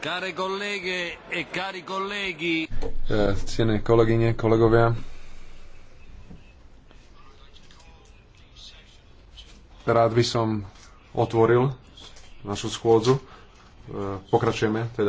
Care colleghe e cari colleghi. E, Ctené kolegyne, kolegovia. Rád by som otvoril našu schôdzu. E, pokračujeme teda